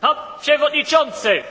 Pan przewodniczący!